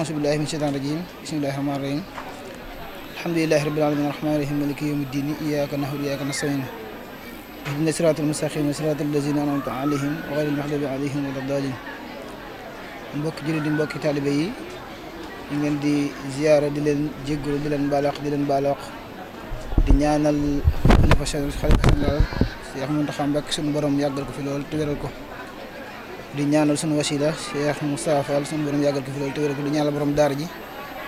أعوذ بالله من الشيطان الرجيم بسم الله الرحمن الرحيم الحمد لله رب العالمين الرحمن الرحيم مالك يوم الدين إياك نعبد وإياك نستعين اهدنا الصراط المستقيم صراط الذين أنعمت عليهم غير المغضوب عليهم ولا الضالين مبوك jullit دي مبوك طالبي yi ñu ngeen di ziyaara di leen jéggalu di leen baalax di leen baalax di ñaanal xalifa général Serigne Mountakha Mbacké suñu borom yàggal ko fi lool te wéral ko di ñaanal sunu wasila cheikh moustapha al sunu borom yagal ko fi tawere ko di ñaanal borom dar ji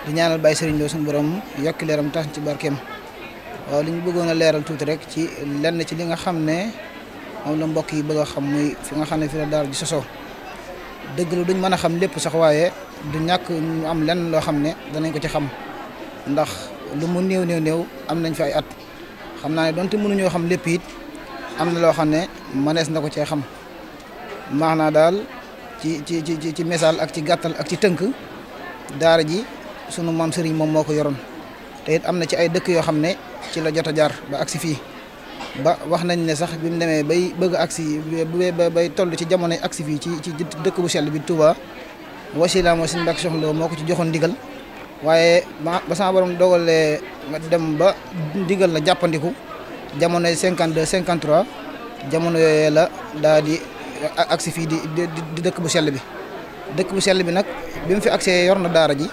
di ñaanal bay serigne do sunu borom yokk leeram tax ci barkem wa liñu ñu bëggoon a leeral tout rek ci lenn ci li nga xamne ne la mbokk yi bëgg xam muy fi nga xamne fi la dar ji soso deug lu duñ mëna a xam lepp sax waye du ñak am lenn lo xamne ne ko ci xam ndax lu mu am nañ fi ay at xamna ne donte xam lepp it am na loo xam ne mënees xam maanaa daal ci ci ci ci misaal ak ci gàttal ak ci tënk daara ji sunu maam Serigne moom moo ko yoroon te it am na ci ay dëkk yoo xam ne ci la jot a jaar ba agsi fii ba wax nañ ne sax bi mu demee bay bëgg agsi ba bay toll ci jamonoy agsi fii ci ci dëkk bu sell bi Touba wasilaam wa sin Mbàkke Soxna moo ko ci joxoon ndigal waaye ba sama borom dogalee nga dem ba ndigal la jàppandiku jamonoy 52 53 jamono yooyee la daa di agsi fii di di dëkk bu sell bi dëkk bu sell bi nag bi mu fi agsee yor na daara ji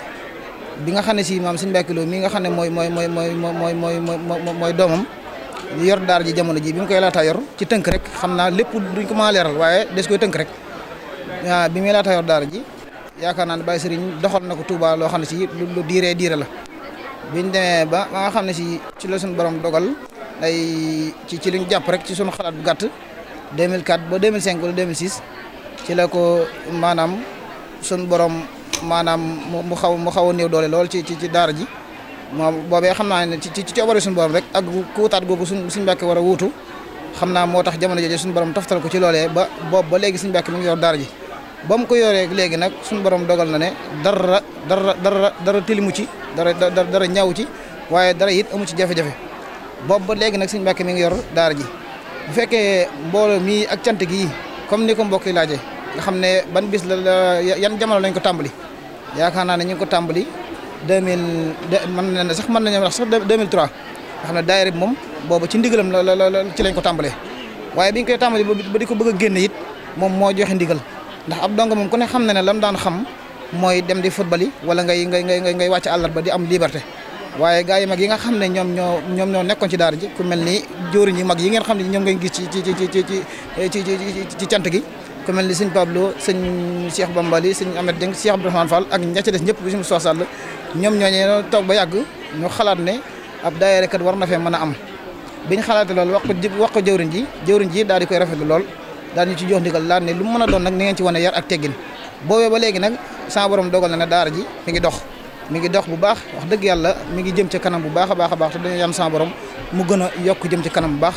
bi nga xam ne si maam suñu mbàkkiloo mi nga xam ne mooy mooy mooy mooy mooy mooy mooy mooy doomam yor daara ji jamono ji bi mu koy laataa yor ci tënk rek xam naa lépp duñ ko maa leeral waaye des koy tënk rek waaw bi muy laataa yor ji yaakaar naa ne Baye Serigne doxal na ko Touba loo xam ne si lu diiree diire la biñ demee ba ba xam ne si ci la suñu borom dogal ay ci ci liñ jàpp rek ci sunu xalaat bu gàtt 2004 ba 2005 wala 2006 ci la ko maanaam sun borom maanaam mu xaw mu xaw a néew doole lool ci ci ci daara ji moom boobee xam naa ne ci ci ci obare suñu borom rek ak ku wutaat googu suñ suñ mbàkke war a wuutu xam naa moo tax jamono jooju suñu borom toftal ko ci loolee ba boobu ba léegi suñu mbàkke mi ngi yor daara ji ba mu ko yoree léegi nag suñu borom dogal na ne dara dara dara dara tilimu ci dara dara ñaaw ci waaye dara it amu ci jafe-jafe boobu ba léegi nag suñu mbàkke mi ngi yor daara ji bu fekkee mbooloo mi ak cant gi comme ni ko mbokk yi laajee nga xam ne ban bis la yan jamono lañ ko tàmbali yaakaar naa ne ñu ko tàmbali deux mille mën nañ ne sax mën nañu wax sax deux mille trois nga xam ne daayira bi moom boobu ci ndigalam la la la ci lañ ko tàmbalee waaye biñ koy tàmbali ba di ko bëgg a génn it moom moo joxe ndigal ndax ab donga moom ku ne xam na ne lam daan xam mooy dem di football yi wala ngay ngay ngay ngay wàcc ba di am liberté. waye gaay mag yi nga xamne ñom ñoo ñom ñoo nekkon ci daara ji ku melni ni ñi mag yi ngeen xamne ñom ñoom ngeen gis ci ci ci ci ci ci ci ci cant gi ku melni seigne Pablo seigne Cheikh Bambali seigne ahmed deng Cheikh abdourahman Fall ak ñi ci dess ñepp bu suñu soo ñom ñoo ñooñu tok ba yag ñu xalaat ne ab daayere kat war na fe mëna am biñ xalaat lool wax ko wax ko jëwriñ ji jëwriñ ji daal di koy rafet lool daal ñu ci jox ndigal laat ne lu mëna doon nak ni ngeen ci wone yar ak teggin boobee ba léegi nak sa borom dogal na daara ji mi ngi dox mi ngi dox bu baax wax dëgg yàlla mi ngi jëm ci kanam bu baax a baax te yam borom mu jëm ci kanam bu baax.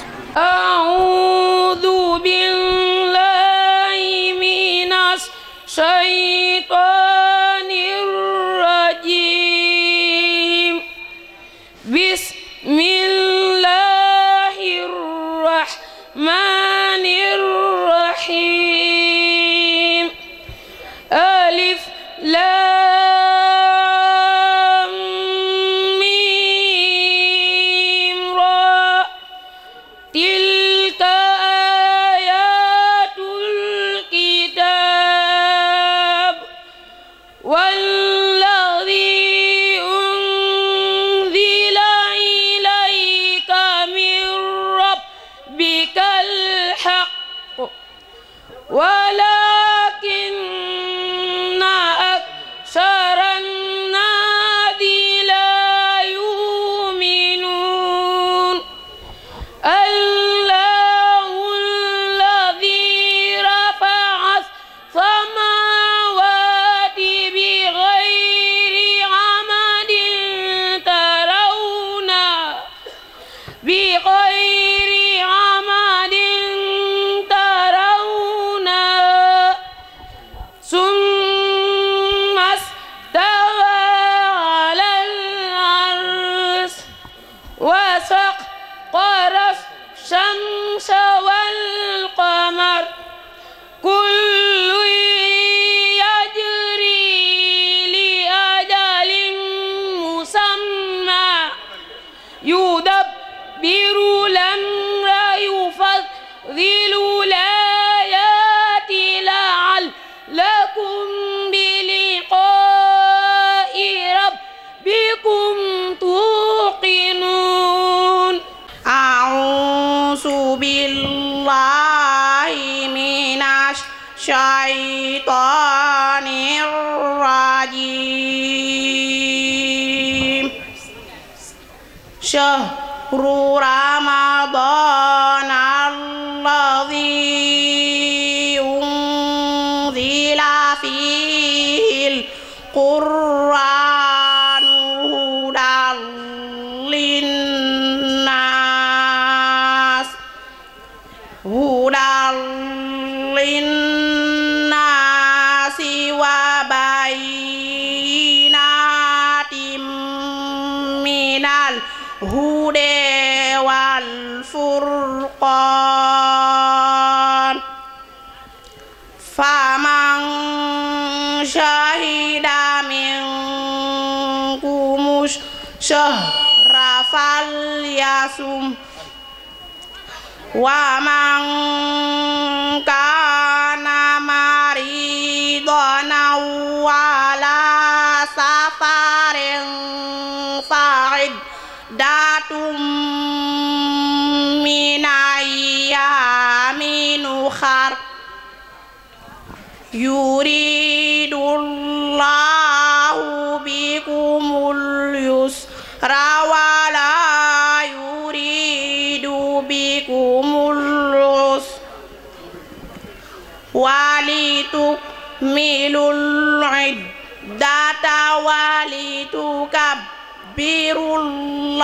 Vũ Đà Linh ومن كان مريضا أو على سفر فعدة من أيام أخر يريد الله تكملوا العدة ولتكبروا الله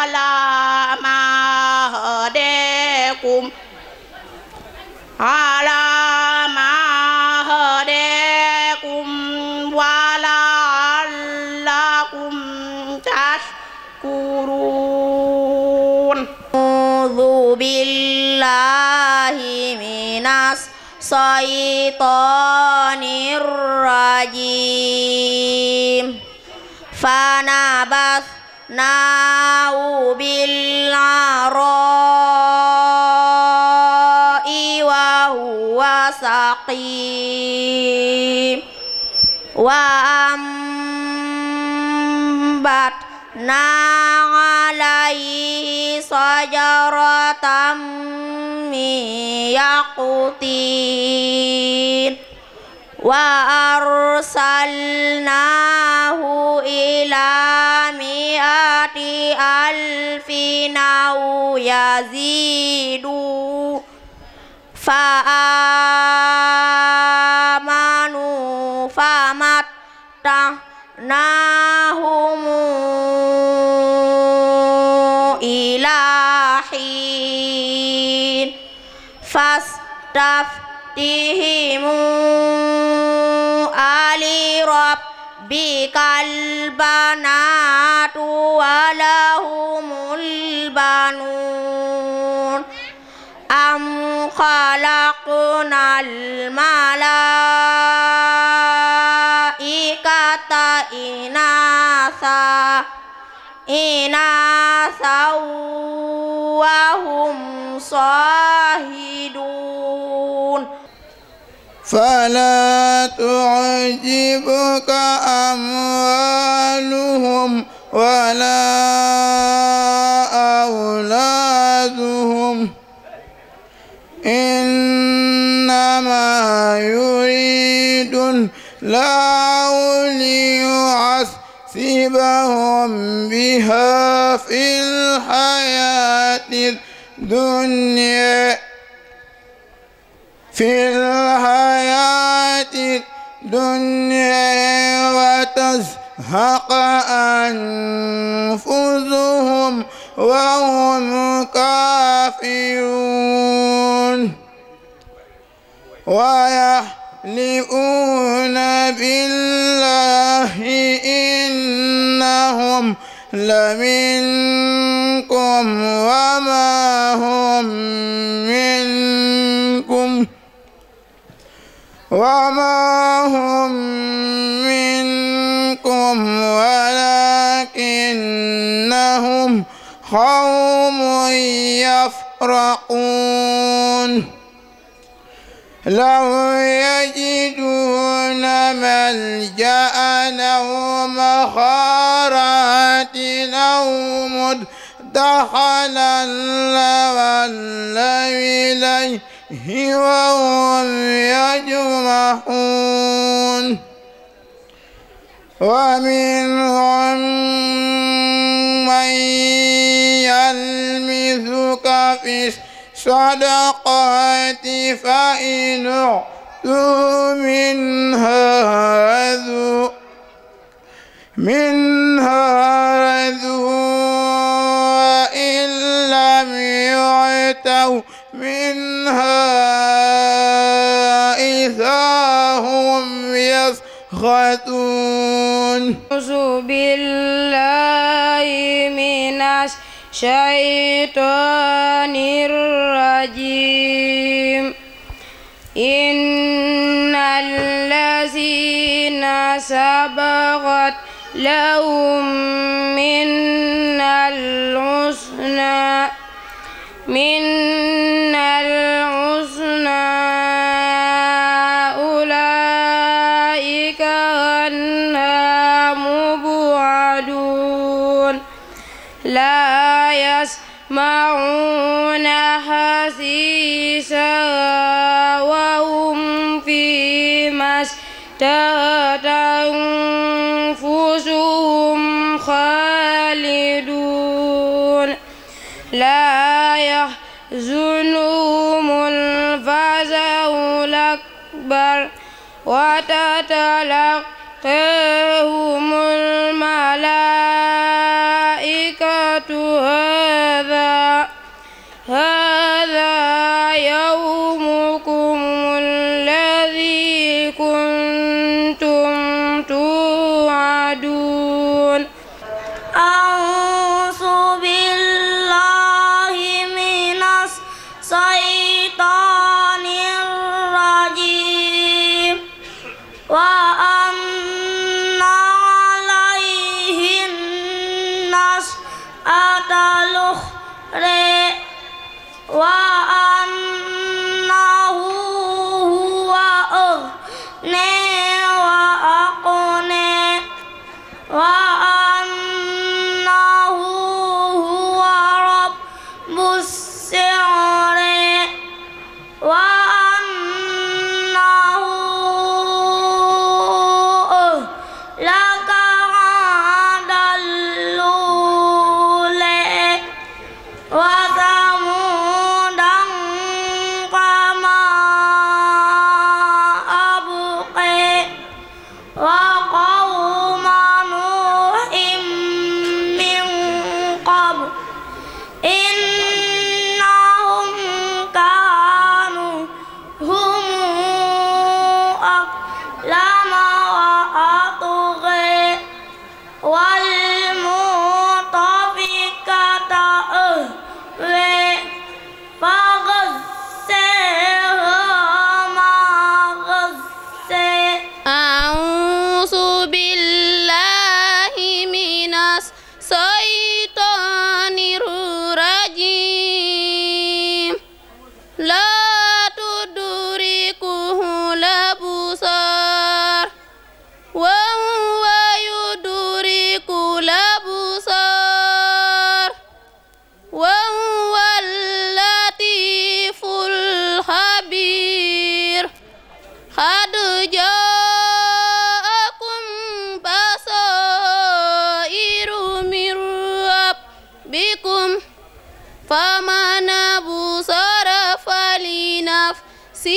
على ما هداكم على syaitanir rajim fanabathnahu bil arai wa huwa saqim wa ambat alaihi sajaratam يقطين وأرسلناه إلى مئة ألف أو يزيد فآمنوا فمتعناهم تفتهم لربك البنات ولهم البنون أم خلقنا الملائكة إناثا إناثا وهم صاهدون فلا تعجبك أموالهم ولا أولادهم إنما يريد الله ليعذبهم بها في الحياة الدنيا في الحياة الدنيا وتزهق أنفسهم وهم كافرون ويحلئون بالله إنهم لمنكم وما هم من وما هم منكم ولكنهم قوم يفرقون لو يجدون ملجأ أو مخارات أو مدخلا لولوا إليه همم يجرحون ومنهم من يلمسك في الصدقات فإن أعطوا منها من خاتون أعوذ بالله من الشيطان الرجيم إن الذين سبقت لهم من الحسنى من الحسنى لا يسمعون حسيسا وهم فيما اشتهت أنفسهم خالدون لا يحزنهم الفزع الأكبر وتتلقى れは Sí.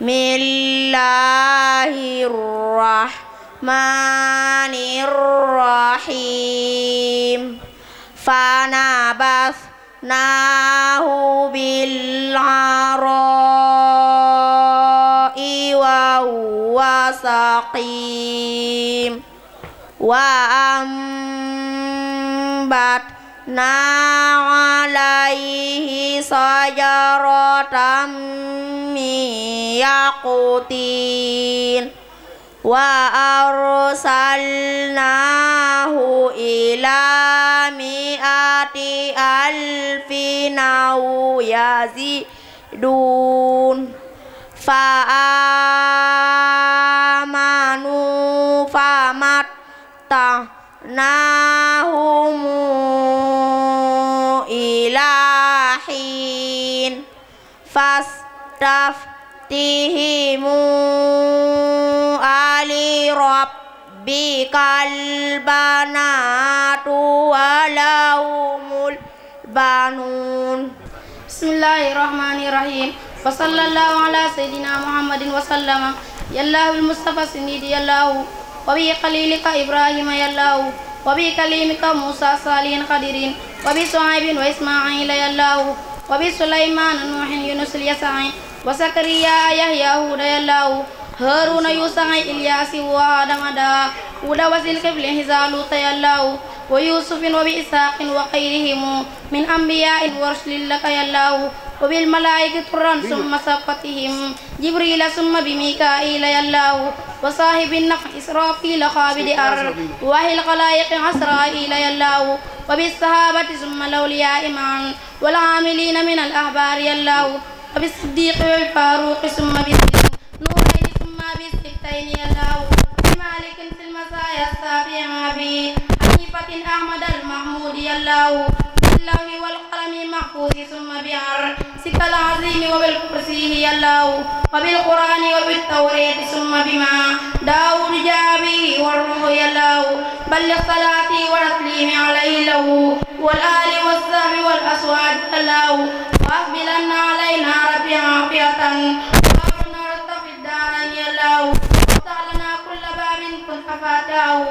الله الرحمن الرحيم فنبثناه بالعراء وهو سقيم وأنبت na alayhi sajaratan min yaqutin wa arsalnahu ila mi'ati alfin aw yazidun fa amanu famat ta ومتعناهم إلى حين فاستفتهم ربك البنات ولهم البنون بسم الله الرحمن الرحيم وصلى الله على سيدنا محمد وسلم يالله المصطفى سنيدي الله وبقليلك إبراهيم يلاه وبكليمك موسى صالين قديرين وبصعيب وإسماعيل يلاه وبسليمان نوح يونس يسعي وسكريا يهيا هود يلاه هارون يوسع إلياس وآدم دا هود قبل هزالو يلاه ويوسف وبإساق وغيرهم من أنبياء ورسل لك يلاه وبالملائكة الرنس ثم سقطهم جبريل ثم بميكائيل يلاه وصاحب النفع إسرافيل خابد أر وهي الخلائق عسرائيل يلاو وبالصحابة ثم الأولياء معا والعاملين من الأحبار يالله وبالصديق والفاروق ثم بالنورين ثم بالستين يالله بمالك في المزايا السابع أبي حنيفة أحمد المحمود يالله بالله والقرآن والقلم المحفوظ ثم سك العظيم وبالكرسي هي الله وبالقرآن وبالتورية ثم بما داود جاء والروح هي الله بلغ صلاتي وتسليمي عليه له والآل والصحب والأسواد الله وأقبلن علينا ربي عافية وأرنا رتق الدار يا الله وافتح لنا كل باب كنت فاتاه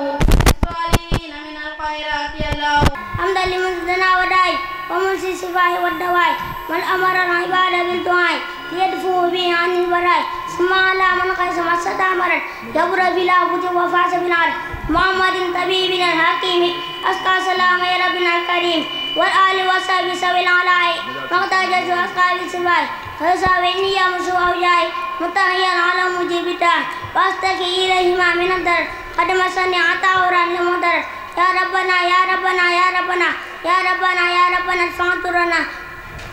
الصالحين من الخيرات يا الله حمدا لمن وداي ومن في الشفاء والدواء والأمر العباد بالدعاء ليدفو به عن البراء ثم على من قيس مسد أمرا جبر بلا بد وفاس بالعرض محمد طبيب الحكيم أسقى سلام يا ربنا الكريم والآل وصحبه سوي العلاء مقتا جزو أسقى بالسباي فيصابني يا مسوء أوجاي متهيا على مجيبته واستكي إليهما من الدرد قد مسني عطاء ورن مدرد يا ربنا يا ربنا يا ربنا يا ربنا يا ربنا فانطرنا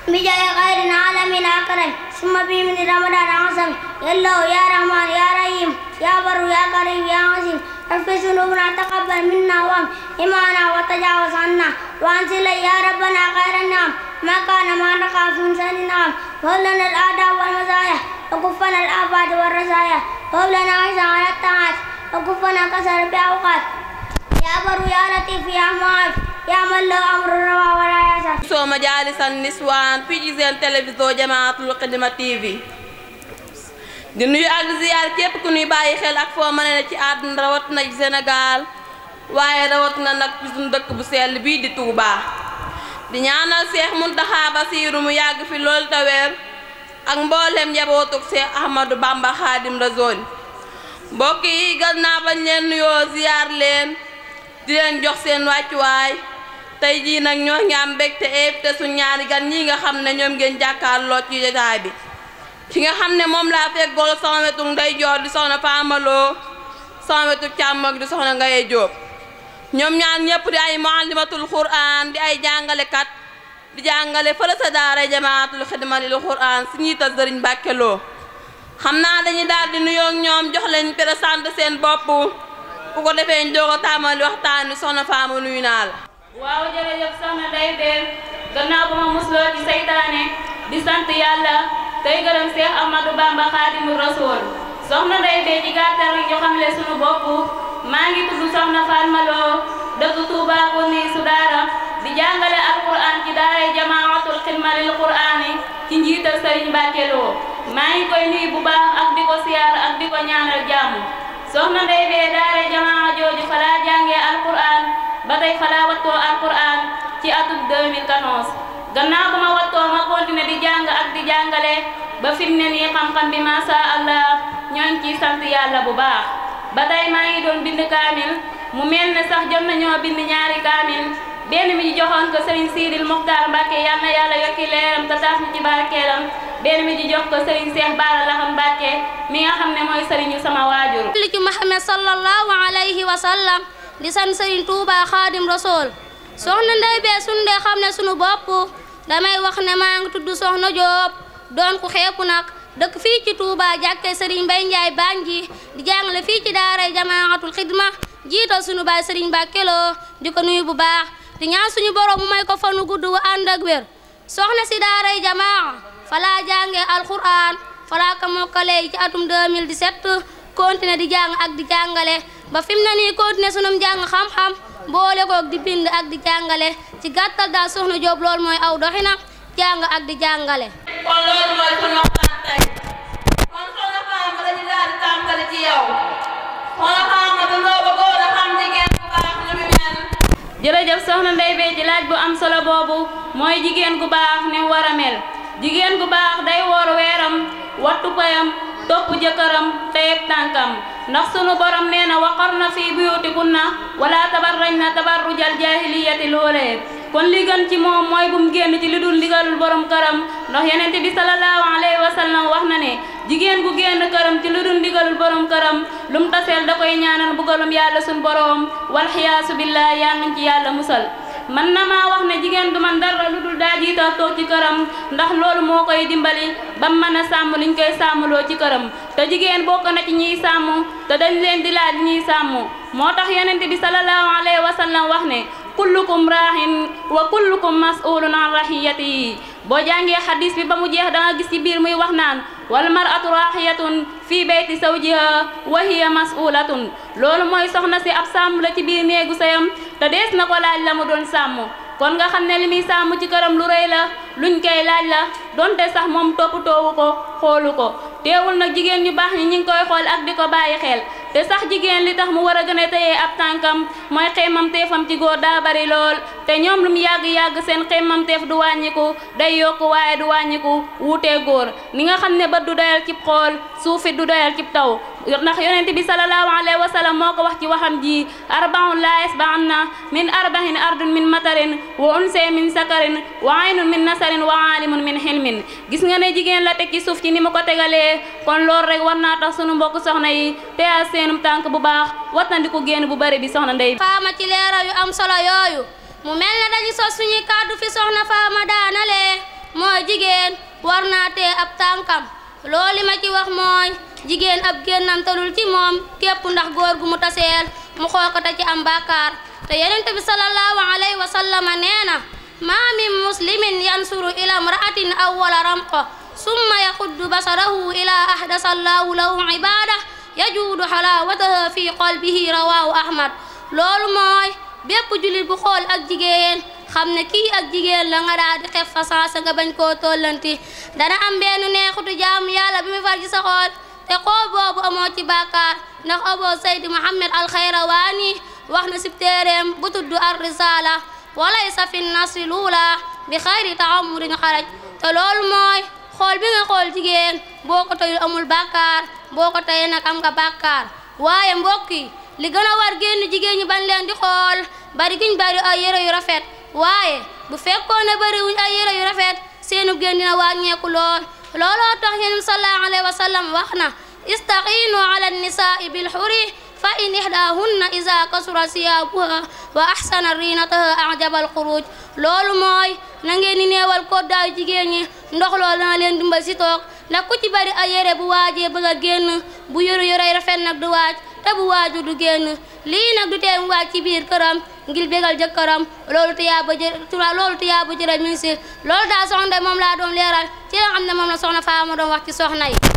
بجاء غير العالم الأكرم ثم من رمضان العظم يا الله يا رحمن يا رحيم يا بر يا كريم يا عظيم اغفر ذنوبنا تقبل منا وام إيمانا وتجاوز عنا وأنزل يا ربنا غير النعم ما كان ما نقع في إنسان نعم وهب لنا الأعداء والمزايا وكفنا الآفات والرزايا وهب لنا عزا على الطاعات وكفنا كسر بأوقات يا بر يا لطيف يا معاف يا من له undisho majalisa niswaan fi di nuyu ak ziyaar képp ku nuy bàyyi xel ak foo mën ci àdduna rawat na Sénégal waaye rawat na nag ci dëkk bu sell bii di Touba. di ñaanal Seex Muntaxa Basiiru mu yàgg fi loolu te ak mboolem njabootug Seex Ahmadu Bamba Xaadim Rasuul mbokk yi gën naa bañ leen nuyoo ziyaar leen di leen jox seen wàccuwaay tey jii nag ñoo ngi am mbégte ñaari gan ñi nga xam ne ñoom ngeen jàkkaarloo ci jotaay bi ki nga xam ne moom laa feggool sama wetu nday joor di soxna Faamaloo sama wetu càmmoog di soxna Ngaye Jóob ñoom ñaar ñëpp di ay muallimatul quran di ay jàngalekat di jàngale fële daar daara jamaatul xidma lil quran si njiital sëriñ Mbàkke xam naa dañuy daal di nuyoo ñoom jox leen présenté seen bopp bu ko defee ñu doog a tàmbali waxtaan wi soxna Faama nuyu la waaw jërëjëf soxna Ndeye Bène gannaaw ba ma musloo ci seytaane di sant yàlla tey gërëm Cheikh Amadou Bamba Xaadimu Rasuul soxna Ndeye Bène ci gàttal rek ñu xamle sunu bopp maa ngi tudd soxna Fatma Lo dëkk Touba ko nii su daara di jàngale alquran ci daaray jamaatul xidma lil quraani ci njiital Sëriñ Mbàkke Lo maa ngi koy nuyu bu baax ak di ko siyaar ak di ko ñaanal jàmm soxna Ndeye Bène daaray jamaa jooju fa jàngee alquran batay tey falaa alquran ci atum 2014 gannaaw bu ma wattoo ma continué di jang ak di jàngale ba fi ni xam-xam bi sha allah ñoo ci sant yalla bu baax batay ma ngi doon bind kamil mu melne sax jom naño bind ñaari kamil benn mi joxon ko Serigne Sidil Mokhtar mbake yalla yalla yokki leeram ta tax ñu ci barkeelam benn mi jox ko Serigne Cheikh la xam mbake mi nga xamne moy Serigne sama wajur li ci Muhammad sallallahu alayhi wa sallam di sant Serigne Touba Xaadim Rasool soxna Ndey be sun de xamne sunu bop damay wax ne ma ngi tuddu soxna job don ku xeebu nak dekk fi ci Touba jàkkee Serigne Mbaye ndjay Banji di jangale fi ci daaray Jamaatul khidma jiital sunu baay Serigne Mbàkke Lo di nuyu bu baax di ñaan suñu borom mu may ko fanu guddu wu ak wer soxna si daaray Jamaa fala laa alquran fala ka mokale ci atum 2017 continuer di jàng ak di jàngale ba fi mu ne nii sunum jàng xam-xam boole di bind ak di jàngale ci gàttal daal Soxna Jóob loolu mooy aw doxinam jàng ak di jàngale kon loolu mooy sunu waxtaan tey kon soxna di tàmbali xam jigéen bu baax ni mu mel jërëjëf soxna Ndey Bey ji laaj bu am solo boobu mooy jigéen gu baax ni mu mel jigéen gu baax day woor weeram wattu payam topp jëkkëram teeg tànkam ndax sunu borom nee na na waqarna fii buyutikunna wala tabarrajna tabarrujal jaahiliyati loolee kon li gën ci moom mooy bu mu génn ci li dul ndigalul borom këram ndax yenente bi sallallahu alayhi wa sallam wax na ni jigéen gu génn këram ci lu dul ndigalul borom këram lum taseel da koy ñaanal bugalum yàlla sun borom wal xiyaasu billah yàlla nañ ci yàlla musal man na maa wax ne jigéen du man dara lu dul daa jiital toog ci këram ndax loolu moo koy dimbali ba mu mën a sàmm liñ koy sàmmloo ci këram te jigéen bokk na ci ñuy sàmm te dañ leen di laaj ñiy sàmm moo tax yonent bi sallallahu alayhi wa sallam wax ne kullukum raahin wa kullukum mas'ulun an rahiyati yi boo jàngee xadis bi ba mu jeex da gis ci biir muy wax naan walmaratu raxiyatun fii bayti sawjiha wa hiya masulatun loolu mooy soxna si ab sàmm la ci biir néegu sayam te dees na ko laaj la mu doon sàmm kon nga xam ne li muy sàmm ci këram lu rëy la luñ koy laaj la donte sax moom toppatoowu ko xoolu ko teewul na jigéen ñu baax ñi ñu ngi koy xool ak di ko bàyyi xel te sax jigen li tax mu wara a gën ab tankam moy xémam téfam ci goor da bari lool te ñom lu mu yag yag seen téf du wañiku day yok waye du wañiku wuté goor ni nga xamné ba du doyal ci xol suufi du doyal ci taw nak yonent bi sallallahu alaihi wasallam moko wax ci waxam ji arbaun la yasbaanna min arba'in ardun min matarin wa unsa min sakarin wa aynun min nasarin wa alimun min hilmin gis nga né jigen la tek ci suuf ci ni mako tégalé kon lool rek warna tax sunu mbokk soxna yi senum tank bu baax watandiko genn bu bari bi soxna ndey faama ci leral yu am solo yoyu mu melna dañu so suñuy kaddu fi soxna faama daanalee mooy jigen war naa tee ab tankam loli ma ci wax moy jigen ab gennam talul ci mom kep ndax gor gu mu tassel mu xookata ci am bakar te yonent bi sallallahu alayhi wa sallam neena ma min muslimin yansuru ila mra'atin awwala ramqa summa yakhuddu basarahu ila ahdasa allahu lahu ibadah يجود حلاوتها في قلبه رواه احمد لول موي بيب جولي بو خول اك جيجين خامنا كي اك جيجين لا nga da di xef fasas nga bañ ko tolanti dana am ben neexutu jaam yalla bimi far ci sa xol te ko bobu amo ci bakar ndax abo sayyid محمد الخيرواني واحنا سبتيرم بتدو الرساله وليس في النصر الاولى بخير تعمر خرج تلول موي xool bi nga xool jigéen boo ko teyul amul bàkkaar boo ko teye nag am nga bàkkaar waaye mbokk yi li gën a war génn jigéen ñi bañ leen di xool bari giñ bari ay yére yu rafet waaye bu fekkoon ne bari wuñ ay yére yu rafet seenu génn dina wàññeeku lool looloo tax yéen sallallahu wax na istaqiinu ala nisaai bil xuri fa in ihdaahunna isa kasura siyaabuha wa ahsana riinataha ajabal xuruj loolu mooy na ngeen di neewal koddaayu jigéen ñi ndox lool dana leen dimbal si toog ndax ku ci bari ay yére bu waajee bëgg génn bu yoru yorey rafet nag du waaj te bu waaju du génn lii nag du tee waaj ci biir këram ngir bégal jëkkëram loolu tiyaaba jë loolu tiyaaba jërë min si loolu daa soxna moom laa doon leeral ci la nga xam ne moom la soxna Faama doon wax ci soxna yi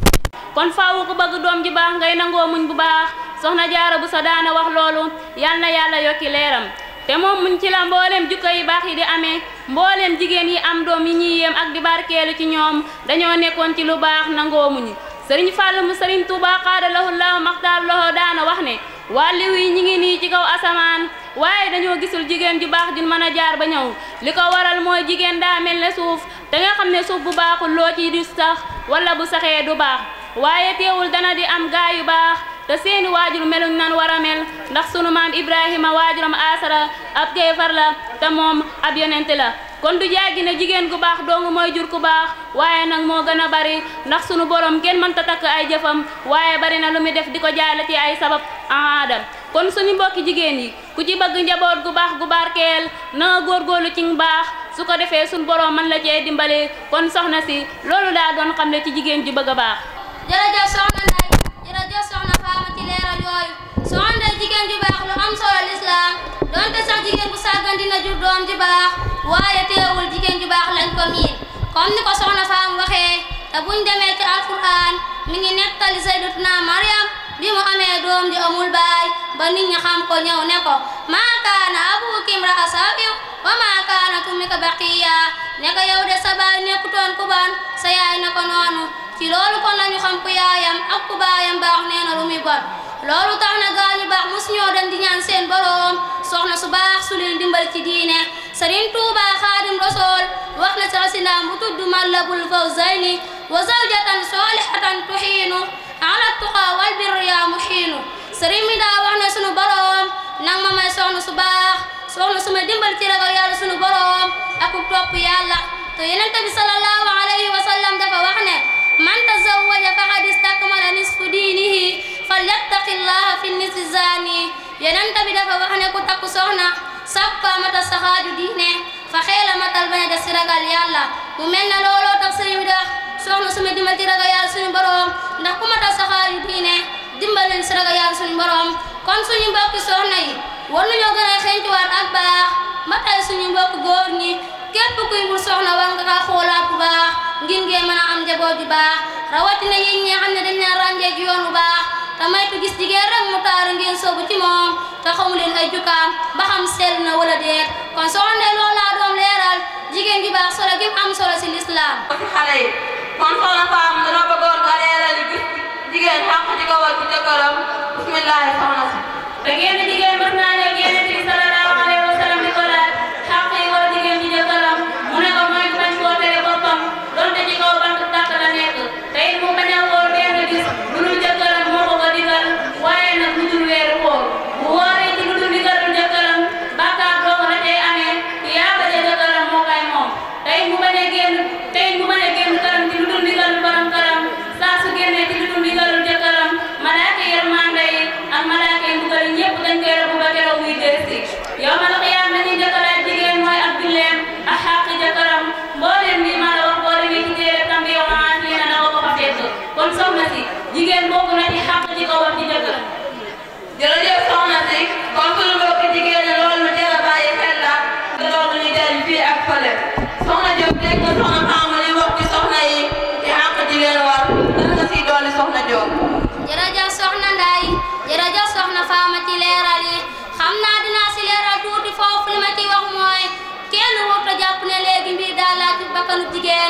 kon faawu ko bëgg doom ji baax ngay nangoo muñ bu baax soxna jaara bu sa daana wax loolu yal na yàlla yokki leeram te moom muñ ci la mbooleem yi baax yi di amee mbooleem jigéen yi am doom yi ñuy ak di barkeelu ci ñoom dañoo nekkoon ci lu baax nangoo muñ sëriñ Fàll mu sëriñ Tuubaa xaada lahu laahu maxtaar loxo daana wax ne wàlliw wi ñi ngi nii ci kaw asamaan waaye dañoo gisul jigéen ju baax ju mën a jaar ba ñëw li ko waral mooy jigéen daa mel suuf te nga xam suuf bu baaxul loo ci di sax wala bu saxee du baax waye teewul dana di am gaay yu baax te seen melu nan wara mel ndax sunu mam ibrahim asara ab keefar la te mom ab yonent la kon du jaagi ne jigen gu baax dong moy jur ku baax waye nak mo gëna bari ndax sunu borom man ta tak ay jëfam waye bari na lu mi def diko ci ay sabab Adam. kon suñu mbokki jigen yi ku ci bëgg njaboot gu baax gu barkel na gor golu ci baax suko defé sun borom man la ci dimbalé kon soxna si lolu da doon xamné ci jigen ju bëgg jërëjëf soxna Ndeye jërëjëf soxna Faama ci leeral yooyu soxna jigéen ju baax lu am solo lislaam donte sax jigéen bu sàggan dina jur doom ju baax waaye teewul jigéen ju baax lañ ko miin comme ni ko soxna Faama waxee te buñ demee ci alquran mi ngi nettali sayyidatuna Maryam bi mu amee doom ji amul baay ba nit ñi xam ko ñëw ne ko maa kaana abuki imra'a saawiya wa maa kaanat ummuki baqiya ne ko yow de sa baay nekkutoon ku sa yaay ne ko noonu ci loolu kon lañu xam ku yaayam ak ku baayam baax nee na lu muy bon loolu tax na gaañu baax musuñoo dañ di ñaan seen boroom soxna su baax su leen dimbal ci diine sëriñ Tuuba xaadim rasool wax na ci xasinaam bu tudd Matlabul Fawzayni wa zawjatan saalihatan tuxiinu ala tuqa wal birri yaa muxiinu sëriñ mi daa wax ne sunu boroom nang ma may soxna su baax soxna su ma dimbal ci ragal yàlla sunu boroom ak ku topp yàlla te yonent bi sallallahu alayhi wa sallam dafa wax ne man tazawwaja faqad istakmala nisfu diinihi falyattaqillaha fi nisfi zaani yonent bi dafa wax ku takku soxna sàppa matal sa xaaju diine fa xeela matal bañ a des ragal yàlla mu mel na looloo tax sëriñ bi di wax soxna ma dimbal ragal yàlla suñu boroom ndax ku matal sa xaaju diine dimbal leen ragal yàlla suñu boroom kon suñu mbokki soxna yi war nañoo gën a xencuwaat ak baax matal suñu mbokk góor képp kuy wut soxna war nga xola bu baax ngir ngeen mën am jabo ju baax rawati na yi nga ya xamne dañ na ya ràññee ju yoon bu ta may ko gis jigéen rek mu tar ngeen sobu ci mom ta xamu len ay juka ba xam sel na wala de kon soxna loolu laa doom leral jigen gi baax solo gi am solo si lislaam ci xale yi kon soxna faam dana bëggoon leral gi gis jigéen ko ci kawal ci jëkkëram bismillahi soxna si da ngeen jigéen mën naa ngeen ci lislaam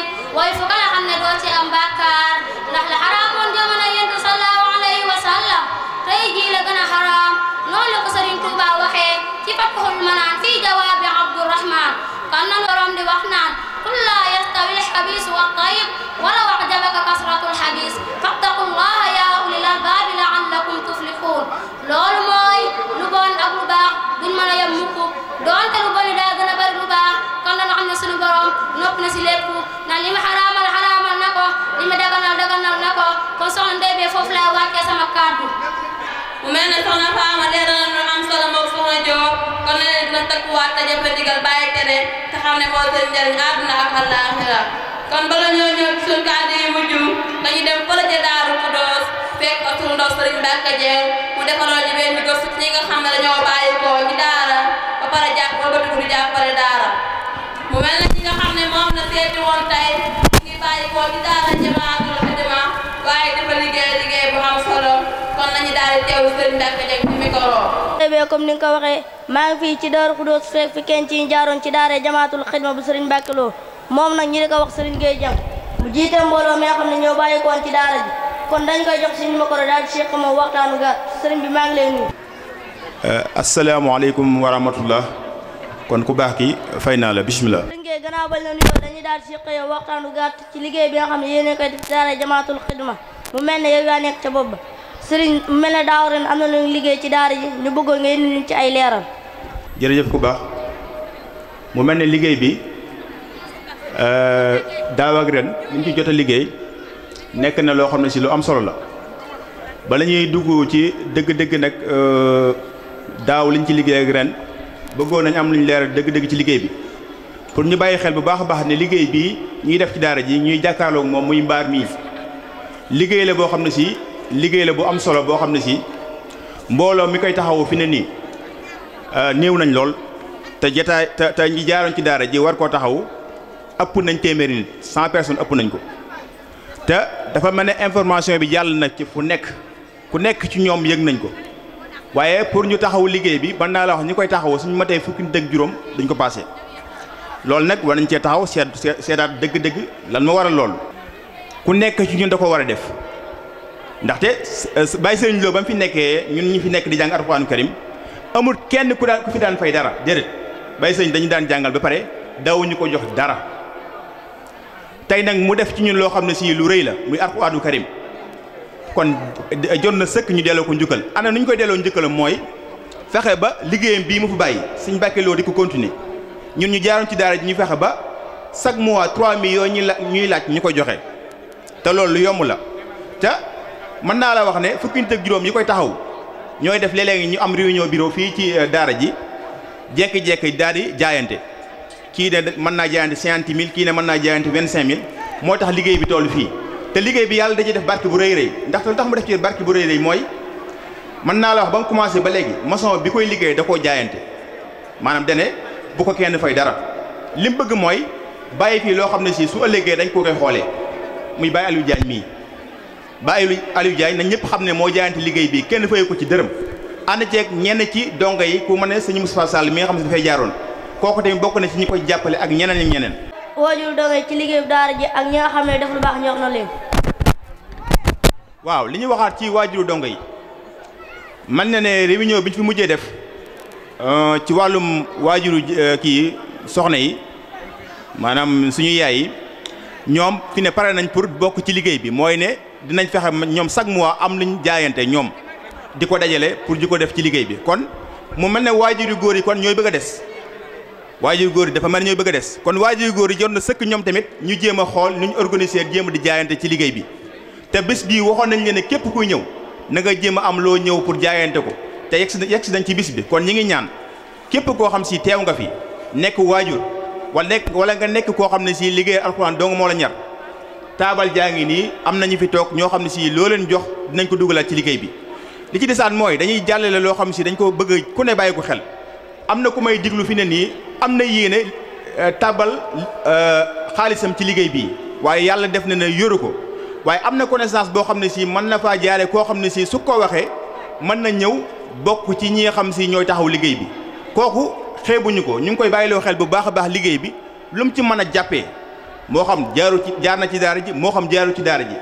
neen way fu nga xam ne doo ci am bàkkaar ndax la xaraamoon jamono yonent bi sallallahu alayhi wa sallam tey jii la gën a xaraam noonu la ko Sëriñ Tuuba waxee ci Fathul Manaan fii jawaabi Abdurrahman kan na borom di wax naan qul laa yastawi al-xabiis wa at-tayyib walaw a'jabaka kasratu al-xabiis fattaqullaha yaa ulil albaab la'allakum tuflixuun loolu boroom nopp na si lépp ndax li ma xaraamal xaraamal na ko li ma daganal daganal na ko kon soxna Ndeye Beye foofu laa wàccee sama kàddu mu mel ne soxna Fama leeral na am solo moom kon ne leen dina takkuwaat te jëfe ndigal bàyyi tere te ne moo seen njëriñ àdduna ak àllaaxira kon bala ñoo ñëw ci suñu kàddu yi mujj dañu dem fële ca Daaru Xudoos fekk atul ndox sëriñ Mbàkke Jeel mu defaral ñu benn gëstu ñi nga xam ne dañoo bàyyi ko daara ba pare mu mel na nga xam ne moom la seeti woon tey ñu ngi bàyyi ko waxee ci Daaru Xudoos fekk fi kenn ci jaaroon ci daara Jamahirul Xidma bu Serigne Mbacke Lo moom nag ñi di ko wax Serigne Gueye Dieng mu jiite mbooloo mi ne ñoo bàyyi koon ci daara ji kon dañ koy jox suñu micro daal di Cheikh moom waxtaanu ga Serigne bi maa ngi lay nuyu eh, asalaamaaleykum wa kon ku baax ki fay naa la bisimilah. liggéey gannaaw bañ la nuyoo dañuy daal ci xëy waxtaanu gàtt ci liggéey bi nga xam ne yéen koy def daara jamaatul xidma mu mel ne yow yaa nekk ca bopp ba sëriñ mu mel ne daaw ren am na lu liggéey ci daara ji ñu bëggoon nga indi ñu ci ay leeral. jërëjëf ku baax mu mel ne liggéey bi euh, daaw ak ren liñ ci jot a liggéey nekk na loo xam ne si lu am solo la bala ñuy dugg ci dëgg-dëgg nag euh, daaw liñ ci liggéey ren. bëggoon nañu am lu ñu leeral dëgg-dëgg ci liggéey bi pour ñu bàyyi xel bu baax a baax ne liggéey bii ñuy def ci daara ji ñuy jàkkaarloog moom muy mbaar mii liggéey la boo xam ne si liggéey la bu am solo boo xam ne si mbooloo mi koy taxawu fi ne nii euh, néew nañ lool te jotaay te te ñi jaaroon ci daara ji war koo taxawu ëpp nañ téeméeri nit cent personnes ëpp nañ ko te dafa mel ne information bi jàll na ci fu nekk ku nekk ci ñoom yëg nañ ko. waaye pour ñu taxawu liggéey bi ban naa la wax ñi koy taxawu suñu matee fukki nit ak juróom dañ ko paase loolu nag war nañ cee taxaw seet seetaat dëgg-dëgg lan ma waral loolu ku nekk ci ñun da ko war a def ndaxte euh, bàyyi sëriñ Lo ba mu fi nekkee ñun ñu fi nekk di jàng Alxuraanu Karim amul kenn ku daan ku fi daan fay dara déedéet bay sëriñ dañu daan jàngal ba pare dawuñu ko jox dara tey nag mu def ci ñun loo xam ne si lu rëy la muy Alxuraanu Karim kon jot na sëkk ñu delloo ko njukkal ana nu ñu koy delloo njukkal mooy fexe ba liggéeyam bii mu fi bàyyi suñ Mbàkke Lo di ko continuer ñun ñu jaaroon ci daara ji ñu fexe ba chaque mois 3 millions ñuy la ñuy laaj ñu ko joxe te loolu lu yomb la te mën naa la wax ne fukki nit ak juróom yi koy taxaw ñooy def léeg-léeg ñu am réunion bureau fii ci euh, daara ji jékki-jékki daal di jaayante kii ne mën naa jaayante cinquante mille kii ne mën naa jaayante vingt cinq mille moo tax liggéey bi toll fii. te liggéey bi yàlla dañuy def barke bu rëy rëy ndax lu tax mu def ci barke bu rëy rëy mooy mën naa la wax ba mu commencé ba léegi maçon bi koy liggéey da koo jaayante maanaam dene bu ko kenn fay dara li mu bëgg mooy bàyyi fii loo xam ne si su ëllëgee dañ koo koy xoolee muy bàyyi Aliou Diagne mii bàyyi Aliou Diagne nag ñëpp xam ne moo jaayante liggéey bi kenn fayu ko ci dërëm ànd ceeg ñenn ci dongo yi ku mën ne sëñ Moustapha Sall mi nga xam ne dafay jaaroon kooku tamit bokk na ci ñi koy jàppale ak ñeneen ak ñeneen waajur dongay ci liggéeyu daara ji ak ñi xam ne def lu baax ñor na leen waaw li ñu waxaat ci waajuru dongo yi man na ne réunion bi ñu mujjee def euh, ci wàllum waajuru euh, kii soxna yi maanaam suñu yaay yi ñoom fi ne pare nañ pour bokk ci liggéey bi mooy ne dinañ fexe ñoom chaque mois am nañ jaayante ñoom di ko dajale pour di ko def ci liggéey bi kon mu mel ne waajuru góor yi kon ñooy bëgg a des waajur góor yi dafa mel ñoo ñooy bëgg a des kon waajur góor yi jot na sëkk ñoom tamit ñu jéem a xool nu ñu organiser jéem di jaayante ci liggéey bi te bés bii waxoon nañ leen ne képp kuy ñëw nanga nga jéem am loo ñëw pour jaayante ko te yegg si yegg si nañ ci bis bi kon ñi ngi ñaan képp koo xam si teew nga fi nekk waajur wala nekk wala nga nekk koo xam ne si liggéey alxuraan dong moo la ñar taabal jaa ngi nii am nañu fi toog ñoo xam ne si loo leen jox dinañ ko dugalaat ci liggéey bi li ci desaat mooy dañuy jàllale loo xam si dañ ko bëgg ku ne bàyyi xel am na ku may fi ne nii am na yéene euh, tabal euh, xaalisam ci liggéey bii waaye yàlla def na ne yoru ko waaye am na connaissance boo xam ne si mën na faa jaare koo xam ne si su ko waxee mën na ñëw bokk ci ñi nga xam si ñooy taxaw liggéey bi kooku xeebuñu ko ñu ngi koy bàyyiloo xel bu baax a baax liggéey bi lu mu ci mën a jàppee moo xam jaaru jaar na ci daara ji moo xam jaaru ci daara ji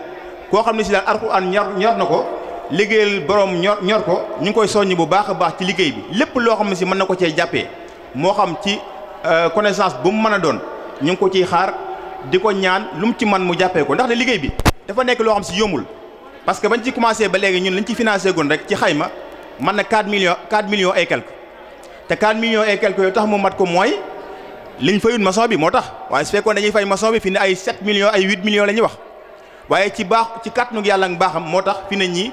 koo xam ne si daal alxuraan ñor ñor na ko liggéeyal boroom ñor ñor ko ñu ngi koy soññ bu baax a baax ci liggéey bi lépp loo xam ne si mën na ko cee jàppee moo xam ci euh, connaissance bu mu mën a doon ñu ngi ko ciy xaar di ko ñaan lu mu ci man mu jàppee ko ndax de liggéey bi dafa nekk loo xam si yombul parce que bañ ci commencé ba léegi ñun lañ ci financé goon rek ci xayma man na 4 millions 4 millions et quelques te 4 millions et quelques tax mu mat ko mooy li liñ fayul maçon bi moo tax waaye su fekkoon dañuy fay maçon bi fi ne ay 7 millions ay 8 millions la ñuy wax waaye ci baax ci kàttanu yàlla ak baaxam moo tax fi ne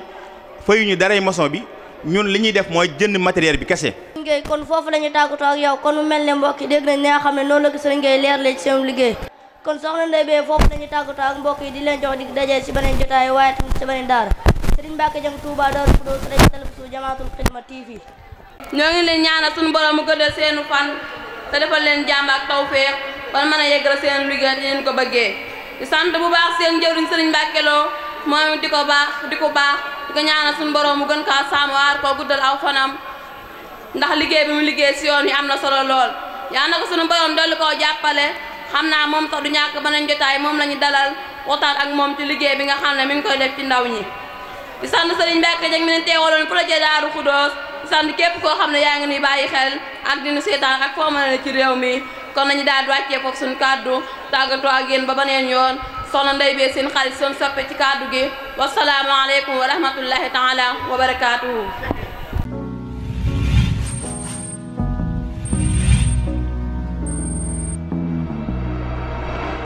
fayuñu daray maçon bi ñun li ñuy def mooy jënd matériel bi kese. Serigne Gueye kon foofu la ñuy tàggatoo ak yow kon mu mel ne mbokk yi dégg nañ ne nga xam ne noonu la ko Serigne Gueye leer ci seen liggéey kon soxna Ndeye Beye foofu la ñuy ak mbokk yi di leen jox di dajee ci beneen jotaay waaye tamit ci beneen daara Serigne Mbacke Dieng Touba Darou Khoudoss Rajo Télévision Jamaatul Xidma TV ñoo ngi leen ñaanal suñu borom mu a seenu fan te defal leen jàmm ak tawfeex wala mën a yeggal seen liggéey di ko bëggee di sant bu baax seen njëriñ Serigne Mbacke Lo moom di ko baax di ko baax di ko ñaanal suñu borom mu gën kaa sàmm aar ko ndax liggéey bi mu liggéey si yoon wi am na solo lool yaa na ko sunu borom dolli koo jàppale xam naa moom sax du ñàkk ba beneen jotaay moom la ñu dalal waxtaan ak moom ci liggéey bi nga xam ne mi ngi koy def ci ndaw ñi di sant Serigne Mbacke Dieng mi leen teewaloon projet Daaru Khoudoss di sànn képp koo xam ne yaa ngi ni bàyyi xel ak dinu seetaan ak foo mën ne ci réew mi kon nañu daal di wàccee foofu suñu kàddu tàggatoo ak yéen ba neen yoon soxna Ndeye Beye seen xarit seen soppe ci kàddu gi wasalaamaaleykum wa rahmatullahi taala wa barakaatuhu